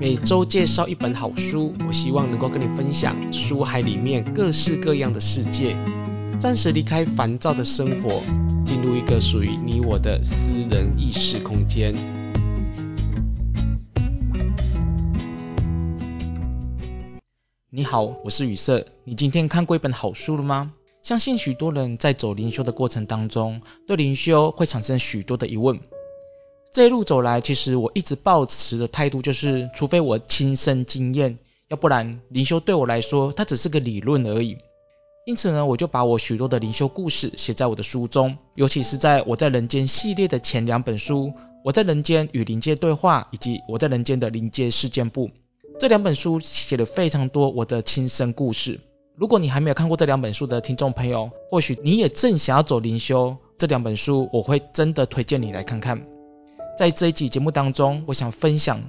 每週介紹一本好書，我希望能夠跟你分享書海裡面各式各樣的世界，暫時離開煩躁的生活，進入一個屬於你我的私人意識空間。你好，我是宇色，你今天看過一本好書了嗎？相信許多人在走靈修的過程當中，對靈修會產生許多的疑問。這一路走來，其實我一直抱持的態度就是，除非我親身經驗，要不然靈修對我來說，它只是個理論而已。因此呢，我就把我許多的靈修故事寫在我的書中，尤其是在我在人間系列的前兩本書，《我在人間與靈界對話》以及《我在人間的靈界事件簿》這兩本書寫了非常多我的親身故事。如果你還沒有看過這兩本書的聽眾朋友，或許你也正想要走靈修，這兩本書我會真的推薦你來看看。在這一集節目當中，我想分享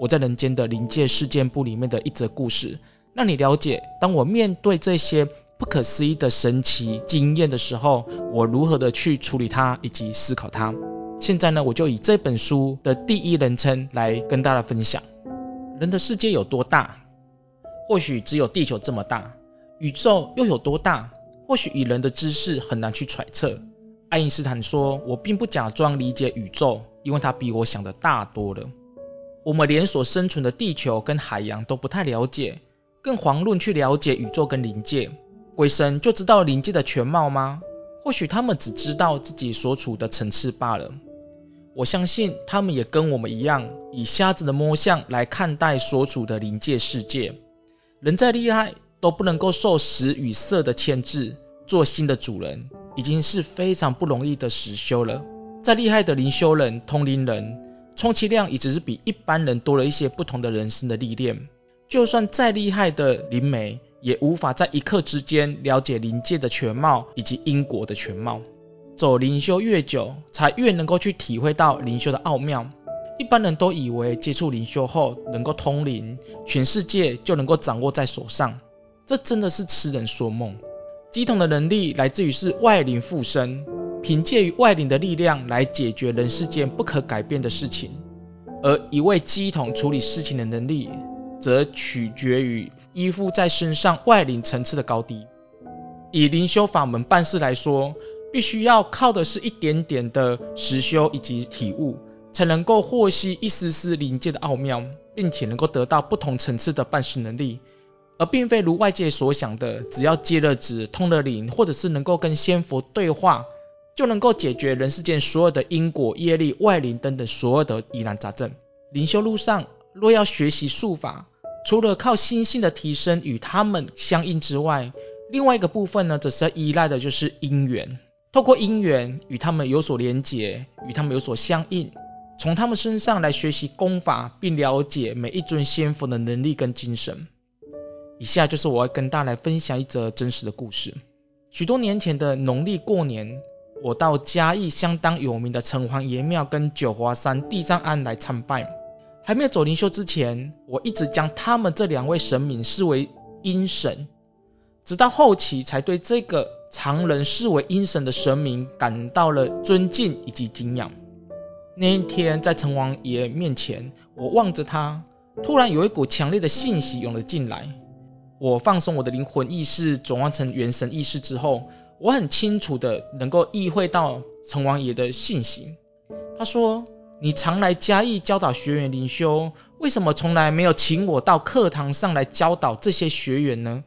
我在人間的靈界事件簿裡面的一則故事，讓你了解，當我面對這些不可思議的神奇經驗的時候，我如何的去處理它以及思考它。現在呢，我就以這本書的第一人稱來跟大家分享：人的世界有多大？或許只有地球這麼大。宇宙又有多大？或許以人的知識很難去揣測。愛因斯坦說：“我並不假裝理解宇宙，因為它比我想的大多了。我們連所生存的地球跟海洋都不太了解，更遑論去了解宇宙跟靈界。鬼神就知道靈界的全貌嗎？或許他們只知道自己所處的層次罷了。我相信他們也跟我們一樣，以瞎子的摸象來看待所處的靈界世界。人再厲害，都不能夠受食與色的牽制。”做新的主人已經是非常不容易的實修了。再厲害的靈修人、通靈人，充其量也只是比一般人多了一些不同的人生的歷練。就算再厲害的靈媒，也無法在一刻之間了解靈界的全貌以及因果的全貌。走靈修越久，才越能夠去體會到靈修的奧妙。一般人都以為接觸靈修後能夠通靈，全世界就能夠掌握在手上。這真的是痴人說夢。乩童的能力來自於是外靈附身，憑借於外靈的力量來解決人世間不可改變的事情。而一位乩童處理事情的能力，則取決於依附在身上外靈層次的高低。以靈修法門辦事來說，必須要靠的是一點點的實修以及體悟，才能夠獲悉一絲絲靈界的奧妙，並且能夠得到不同層次的辦事能力。而並非如外界所想的，只要接了旨、通了靈，或者是能夠跟仙佛對話，就能夠解決人世間所有的因果、業力、外靈等等所有的疑難雜症。靈修路上，若要學習術法，除了靠心性的提升與他們相應之外，另外一個部分呢，則是要依賴的就是因緣。透過因緣，與他們有所連結，與他們有所相應，從他們身上來學習功法，並了解每一尊仙佛的能力跟精神。以下就是我要跟大家來分享一則真實的故事。許多年前的農曆過年，我到嘉義相當有名的城隍爺廟跟九華山地藏庵來參拜。還沒有走靈修之前，我一直將他們這兩位神明視為陰神，直到後期才對這個常人視為陰神的神明感到了尊敬以及敬仰。那一天在城隍爺面前，我望着他，突然有一股強烈的信息湧了進來。我放鬆我的靈魂意識，轉換成元神意識之後，我很清楚的能夠意會到成王爺的信心。他說：“你常來嘉義教導學員靈修，為什麼從來沒有請我到課堂上來教導這些學員呢？”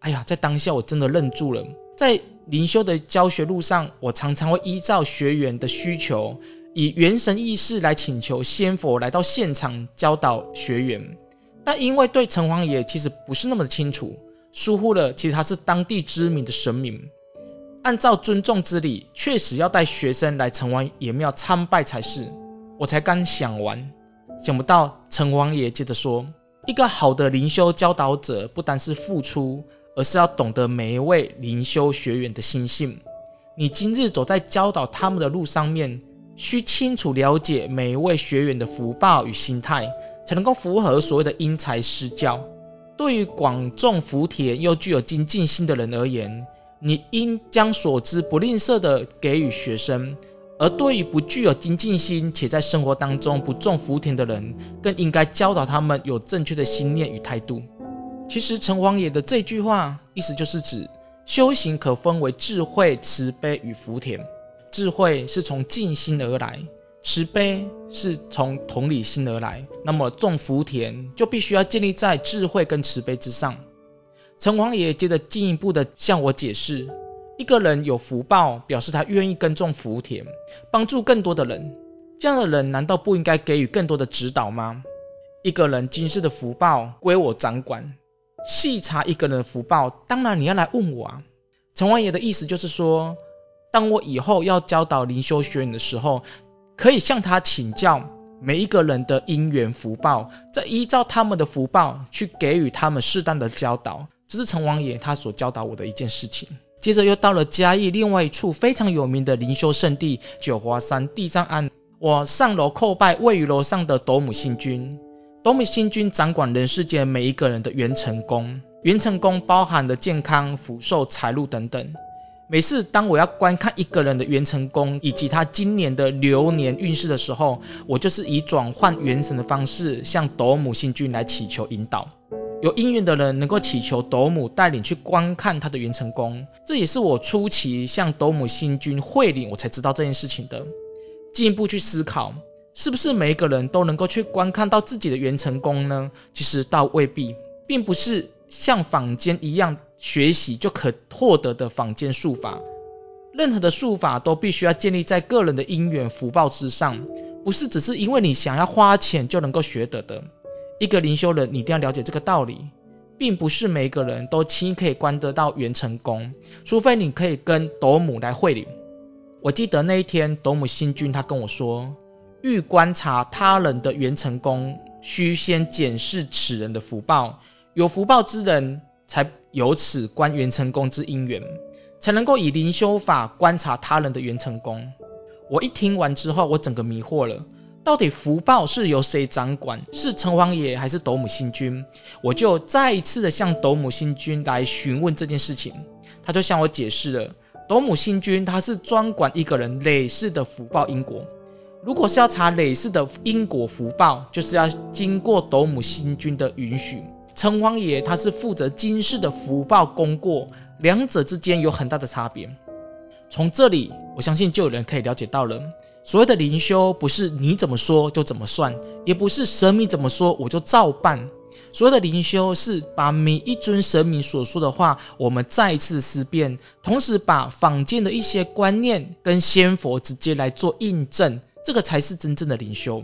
哎呀，在當下我真的愣住了。在靈修的教學路上，我常常會依照學員的需求，以元神意識來請求仙佛來到現場教導學員。但因為對城隍爺其實不是那麼的清楚，疏忽了，其實他是當地知名的神明。按照尊重之禮，確實要帶學生來城隍爺廟參拜才是。我才剛想完，想不到城隍爺接着說：“一個好的靈修教導者，不單是付出，而是要懂得每一位靈修學員的心性。你今日走在教導他們的路上面，需清楚了解每一位學員的福報與心態。”才能夠符合所謂的因材施教。對於廣種福田又具有精進心的人而言，你應將所知不吝嗇地給予學生；而對於不具有精進心且在生活當中不種福田的人，更應該教導他們有正確的心念與態度。其實城隍爺的這句話，意思就是指修行可分為智慧、慈悲與福田。智慧是從靜心而來。慈悲是從同理心而來，那麼種福田就必須要建立在智慧跟慈悲之上。城隍爺接着進一步的向我解釋：一個人有福報，表示他願意耕種福田，幫助更多的人。這樣的人難道不應該給予更多的指導嗎？一個人今世的福報歸我掌管，細查一個人的福報，當然你要來問我啊。城隍爺的意思就是說，當我以後要教導靈修學員的時候。可以向他請教每一個人的因緣福報，再依照他們的福報去給予他們適當的教導，這是成王爺他所教導我的一件事情。接着又到了嘉義另外一處非常有名的靈修聖地九華山地藏庵，我上樓叩拜位於樓上的斗姆星君，斗姆星君掌管人世間每一個人的元辰宮，元辰宮包含了健康、福壽、財路等等。每次當我要觀看一個人的元辰宮以及他今年的流年運勢的時候，我就是以轉換元神的方式向斗姆星君來祈求引導。有姻緣的人能夠祈求斗姆帶領去觀看他的元辰宮。這也是我初期向斗姆星君會靈我才知道這件事情的。進一步去思考，是不是每一個人都能夠去觀看到自己的元辰宮呢？其實倒未必，並不是像坊間一樣。學習就可獲得的坊間術法，任何的術法都必須要建立在個人的因緣福報之上，不是只是因為你想要花錢就能夠學得的。一個靈修人，你一定要了解這個道理，並不是每個人都輕易可以觀得到元成功，除非你可以跟斗姆來會靈。我記得那一天斗姆星君他跟我說，欲觀察他人的元成功，須先檢視此人的福報，有福報之人才。由此觀元成功之因緣，才能夠以靈修法觀察他人的元成功。我一聽完之後，我整個迷惑了，到底福報是由誰掌管？是城隍爺還是斗姆星君？我就再一次的向斗姆星君來詢問這件事情，他就向我解釋了，斗姆星君他是專管一個人累世的福報因果。如果是要查累世的因果福報，就是要經過斗姆星君的允許。城隍爺他是負責今世的福報功過，兩者之間有很大的差別。從這裡，我相信就有人可以了解到了。所謂的靈修，不是你怎麼說就怎麼算，也不是神明怎麼說我就照辦。所謂的靈修，是把每一尊神明所說的話，我們再一次思辨，同時把坊間的一些觀念跟仙佛直接來做印證，這個才是真正的靈修。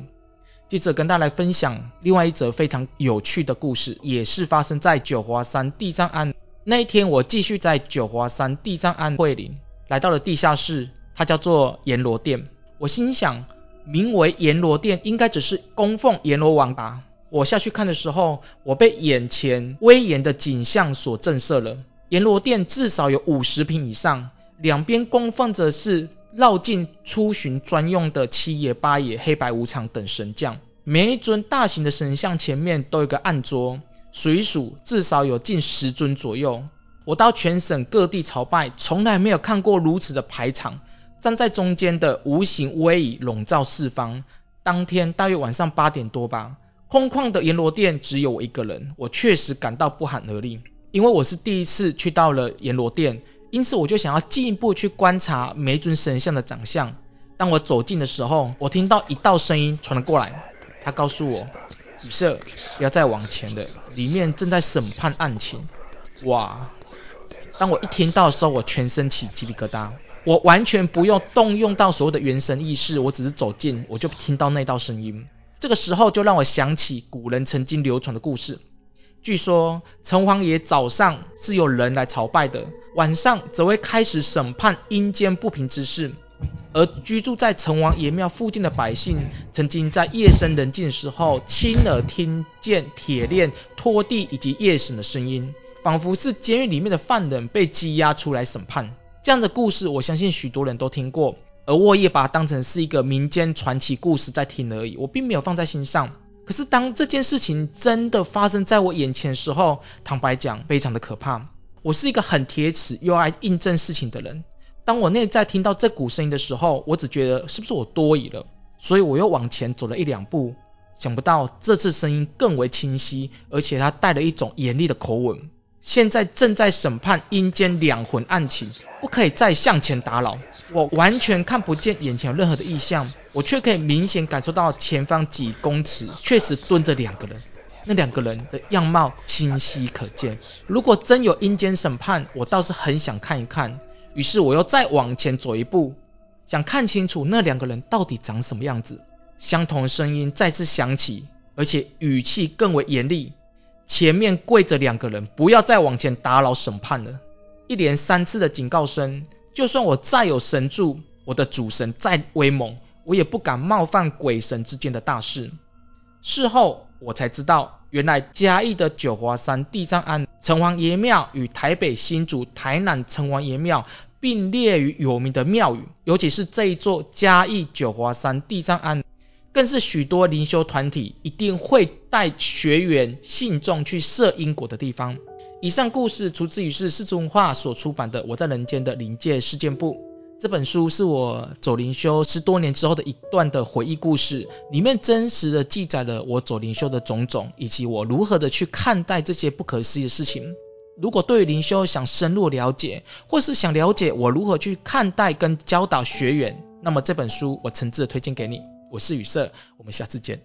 接着跟大家來分享另外一則非常有趣的故事，也是發生在九華山地藏庵。那一天，我繼續在九華山地藏庵會靈，來到了地下室，它叫做閻羅殿。我心想，名為閻羅殿，應該只是供奉閻羅王吧。我下去看的時候，我被眼前威嚴的景象所震懾了。閻羅殿至少有五十坪以上，兩邊供奉着是，繞境出巡專用的七爺八爺、黑白無常等神將，每一尊大型的神像前面都有一個暗桌，數一數，至少有近十尊左右。我到全省各地朝拜，從來沒有看過如此的排場。站在中間的無形威儀籠罩四方。當天大約晚上八點多吧，空曠的閻羅殿只有我一個人，我確實感到不寒而慄，因為我是第一次去到了閻羅殿。因此，我就想要進一步去觀察每尊神像的長相。當我走近的時候，我聽到一道聲音傳了過來，他告訴我：“宇色，不要再往前了，裡面正在審判案情。”哇！當我一聽到的時候，我全身起雞皮疙瘩。我完全不用動用到所有的元神意識，我只是走近，我就聽到那道聲音。這個時候，就讓我想起古人曾經流傳的故事。據說城隍爺早上是有人來朝拜的，晚上則會開始審判陰間不平之事。而居住在城隍爺廟附近的百姓，曾經在夜深人靜的時候，親耳聽見鐵鏈拖地以及夜審的聲音，仿佛是監獄裡面的犯人被羈押出來審判。這樣的故事，我相信許多人都聽過，而我也把它當成是一個民間傳奇故事在聽而已，我並沒有放在心上。可是當這件事情真的發生在我眼前的時候，坦白講，非常的可怕。我是一個很鐵齒又愛印證事情的人。當我內在聽到這股聲音的時候，我只覺得是不是我多疑了，所以我又往前走了一兩步。想不到這次聲音更為清晰，而且它帶了一種嚴厲的口吻。現在正在審判陰間冤魂案情，不可以再向前打擾。我完全看不見眼前有任何的異象，我卻可以明顯感受到前方幾公尺確實蹲着兩個人。那兩個人的樣貌清晰可見。如果真有陰間審判，我倒是很想看一看。於是我又再往前走一步，想看清楚那兩個人到底長什麼樣子。相同聲音再次響起，而且語氣更為嚴厲。前面跪着兩個人，不要再往前打擾審判了。一連三次的警告聲，就算我再有神助，我的主神再威猛，我也不敢冒犯鬼神之間的大事。事後我才知道，原來嘉義的九華山地藏庵、城隍爺廟與台北新竹台南城隍爺廟並列於有名的廟宇，尤其是這一座嘉義九華山地藏庵。更是許多靈修團體一定會帶學員信眾去設因果的地方。以上故事出自於柿子文化所出版的《我在人間的靈界事件簿》這本書，是我走靈修十多年之後的一段的回憶故事，裡面真實的記載了我走靈修的種種，以及我如何的去看待這些不可思議的事情。如果對於靈修想深入了解，或是想了解我如何去看待跟教導學員，那麼這本書我誠摯的推薦給你。我是宇色，我們下次見。